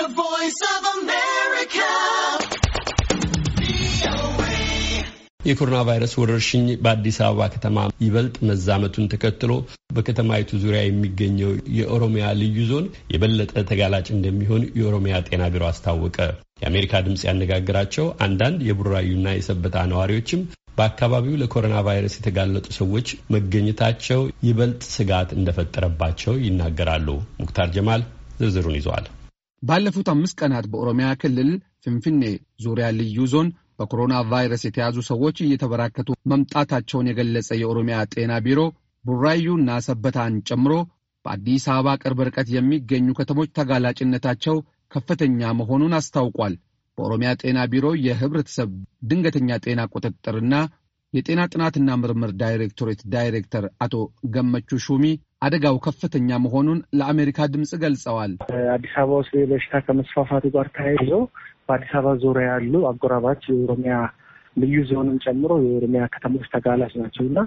The Voice of America. የኮሮና ቫይረስ ወረርሽኝ በአዲስ አበባ ከተማ ይበልጥ መዛመቱን ተከትሎ በከተማይቱ ዙሪያ የሚገኘው የኦሮሚያ ልዩ ዞን የበለጠ ተጋላጭ እንደሚሆን የኦሮሚያ ጤና ቢሮ አስታወቀ። የአሜሪካ ድምፅ ያነጋግራቸው አንዳንድ የቡራዩና የሰበታ ነዋሪዎችም በአካባቢው ለኮሮና ቫይረስ የተጋለጡ ሰዎች መገኘታቸው ይበልጥ ስጋት እንደፈጠረባቸው ይናገራሉ። ሙክታር ጀማል ዝርዝሩን ይዘዋል። ባለፉት አምስት ቀናት በኦሮሚያ ክልል ፍንፍኔ ዙሪያ ልዩ ዞን በኮሮና ቫይረስ የተያዙ ሰዎች እየተበራከቱ መምጣታቸውን የገለጸ የኦሮሚያ ጤና ቢሮ ቡራዩና ሰበታን ጨምሮ በአዲስ አበባ ቅርብ ርቀት የሚገኙ ከተሞች ተጋላጭነታቸው ከፍተኛ መሆኑን አስታውቋል። በኦሮሚያ ጤና ቢሮ የህብረተሰብ ድንገተኛ ጤና ቁጥጥርና የጤና ጥናትና ምርምር ዳይሬክቶሬት ዳይሬክተር አቶ ገመቹ ሹሚ አደጋው ከፍተኛ መሆኑን ለአሜሪካ ድምፅ ገልጸዋል። አዲስ አበባ ውስጥ በሽታ ከመስፋፋቱ ጋር ተያይዞ በአዲስ አበባ ዙሪያ ያሉ አጎራባች የኦሮሚያ ልዩ ዞንን ጨምሮ የኦሮሚያ ከተሞች ተጋላጭ ናቸው እና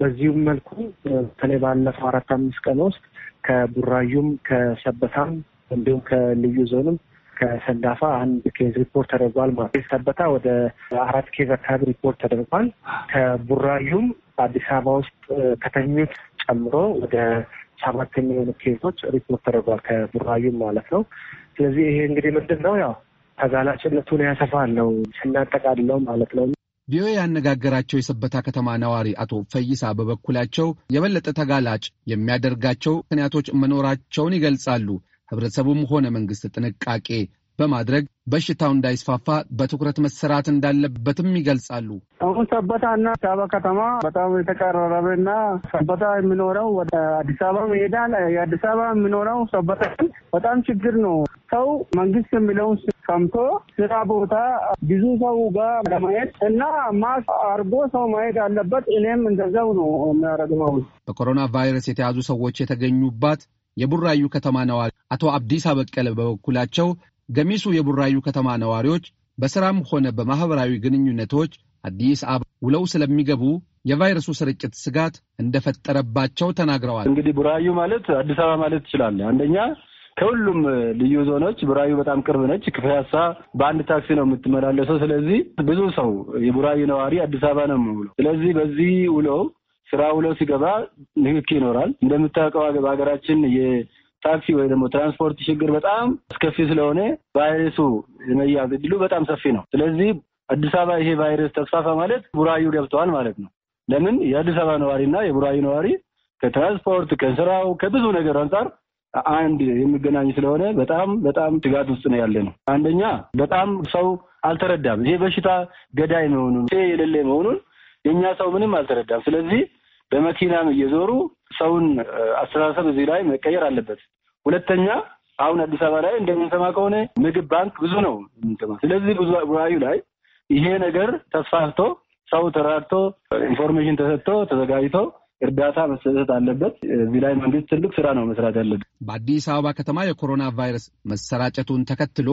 በዚሁም መልኩ በተለይ ባለፈው አራት አምስት ቀን ውስጥ ከቡራዩም ከሰበታም እንዲሁም ከልዩ ዞንም ከሰንዳፋ አንድ ኬዝ ሪፖርት ተደርጓል። ማለት ሰበታ ወደ አራት ኬዝ አካባቢ ሪፖርት ተደርጓል። ከቡራዩም አዲስ አበባ ውስጥ ከተኙት ጨምሮ ወደ ሰባት የሚሆኑ ኬዞች ሪፖርት ተደርጓል ከቡራዩም ማለት ነው። ስለዚህ ይሄ እንግዲህ ምንድን ነው ያው ተጋላጭነቱን ያሰፋል ነው ስናጠቃልለው ማለት ነው። ቪኦኤ ያነጋገራቸው የሰበታ ከተማ ነዋሪ አቶ ፈይሳ በበኩላቸው የበለጠ ተጋላጭ የሚያደርጋቸው ምክንያቶች መኖራቸውን ይገልጻሉ። ህብረተሰቡም ሆነ መንግስት ጥንቃቄ በማድረግ በሽታው እንዳይስፋፋ በትኩረት መሰራት እንዳለበትም ይገልጻሉ። አሁን ሰበታና እና አበባ ከተማ በጣም የተቀራረበና ሰበታ የሚኖረው ወደ አዲስ አበባ ይሄዳል። የአዲስ አበባ የሚኖረው ሰበታ በጣም ችግር ነው። ሰው መንግስት የሚለውን ሰምቶ ስራ ቦታ ብዙ ሰው ጋር ለማየት እና ማስ አርጎ ሰው ማየት አለበት። እኔም እንደዛው ነው የሚያረግመው። በኮሮና ቫይረስ የተያዙ ሰዎች የተገኙባት የቡራዩ ከተማ ነዋሪ አቶ አብዲሳ አበቀለ በበኩላቸው ገሚሱ የቡራዩ ከተማ ነዋሪዎች በሥራም ሆነ በማኅበራዊ ግንኙነቶች አዲስ አበባ ውለው ስለሚገቡ የቫይረሱ ስርጭት ስጋት እንደፈጠረባቸው ተናግረዋል። እንግዲህ ቡራዩ ማለት አዲስ አበባ ማለት ትችላለህ። አንደኛ ከሁሉም ልዩ ዞኖች ቡራዩ በጣም ቅርብ ነች። ከፒያሳ በአንድ ታክሲ ነው የምትመላለሰው። ስለዚህ ብዙ ሰው የቡራዩ ነዋሪ አዲስ አበባ ነው የምውለው። ስለዚህ በዚህ ውለው ስራ ውለው ሲገባ ንክኪ ይኖራል። እንደምታውቀው በሀገራችን ታክሲ ወይ ደግሞ ትራንስፖርት ችግር በጣም አስከፊ ስለሆነ ቫይረሱ የመያዝ እድሉ በጣም ሰፊ ነው። ስለዚህ አዲስ አበባ ይሄ ቫይረስ ተስፋፋ ማለት ቡራዩ ገብተዋል ማለት ነው። ለምን የአዲስ አበባ ነዋሪና የቡራዩ ነዋሪ ከትራንስፖርት ከስራው ከብዙ ነገር አንጻር አንድ የሚገናኝ ስለሆነ በጣም በጣም ስጋት ውስጥ ነው ያለ ነው። አንደኛ በጣም ሰው አልተረዳም። ይሄ በሽታ ገዳይ መሆኑን የሌለ መሆኑን የእኛ ሰው ምንም አልተረዳም። ስለዚህ በመኪናም እየዞሩ ሰውን አስተሳሰብ እዚህ ላይ መቀየር አለበት። ሁለተኛ አሁን አዲስ አበባ ላይ እንደምንሰማ ከሆነ ምግብ ባንክ ብዙ ነው። ስለዚህ ብዙ ቡራዩ ላይ ይሄ ነገር ተስፋፍቶ ሰው ተራድቶ ኢንፎርሜሽን ተሰጥቶ ተዘጋጅቶ እርዳታ መሰጠት አለበት። እዚህ ላይ መንግስት ትልቅ ስራ ነው መስራት ያለበት። በአዲስ አበባ ከተማ የኮሮና ቫይረስ መሰራጨቱን ተከትሎ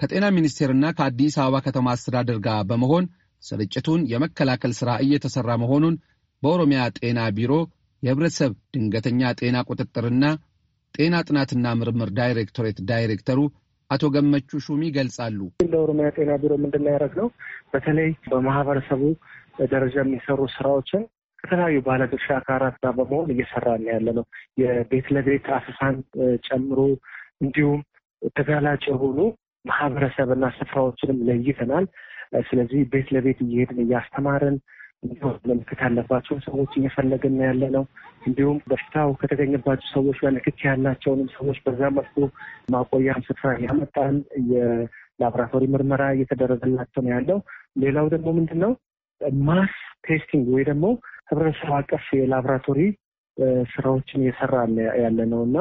ከጤና ሚኒስቴርና ከአዲስ አበባ ከተማ አስተዳደር ጋር በመሆን ስርጭቱን የመከላከል ስራ እየተሰራ መሆኑን በኦሮሚያ ጤና ቢሮ የህብረተሰብ ድንገተኛ ጤና ቁጥጥርና ጤና ጥናትና ምርምር ዳይሬክቶሬት ዳይሬክተሩ አቶ ገመቹ ሹሚ ይገልጻሉ። ለኦሮሚያ ጤና ቢሮ ምንድን ነው ያደረግነው? በተለይ በማህበረሰቡ ደረጃ የሚሰሩ ስራዎችን ከተለያዩ ባለድርሻ አካላት ጋር በመሆን እየሰራን ያለ ነው። የቤት ለቤት አሰሳን ጨምሮ እንዲሁም ተጋላጭ የሆኑ ማህበረሰብና ስፍራዎችንም ለይተናል። ስለዚህ ቤት ለቤት እየሄድን እያስተማርን እንዲሁም ምልክት ያለባቸውን ሰዎች እየፈለግን ያለ ነው። እንዲሁም በሽታው ከተገኘባቸው ሰዎች ጋር ያላቸውንም ሰዎች በዛ መልኩ ማቆያም ስፍራ ያመጣል። የላቦራቶሪ ምርመራ እየተደረገላቸው ነው ያለው። ሌላው ደግሞ ምንድን ነው ማስ ቴስቲንግ ወይ ደግሞ ህብረተሰብ አቀፍ የላቦራቶሪ ስራዎችን እየሰራ ያለ ነው እና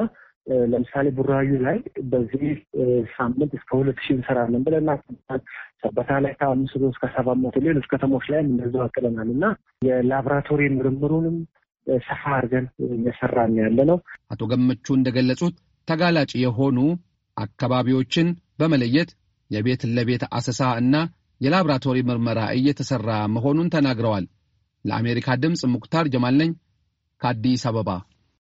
ለምሳሌ ቡራዩ ላይ በዚህ ሳምንት እስከ ሁለት ሺህ እንሰራለን ብለና ሰበታ ላይ ከአምስት መቶ እስከ ሰባት መቶ ሌሎች ከተሞች ላይም እንደዛው አቅደናል እና የላቦራቶሪ ምርምሩንም ሰፋ አድርገን እየሰራን ያለ ነው። አቶ ገመቹ እንደገለጹት ተጋላጭ የሆኑ አካባቢዎችን በመለየት የቤት ለቤት አሰሳ እና የላብራቶሪ ምርመራ እየተሰራ መሆኑን ተናግረዋል። ለአሜሪካ ድምፅ ሙክታር ጀማል ነኝ ከአዲስ አበባ።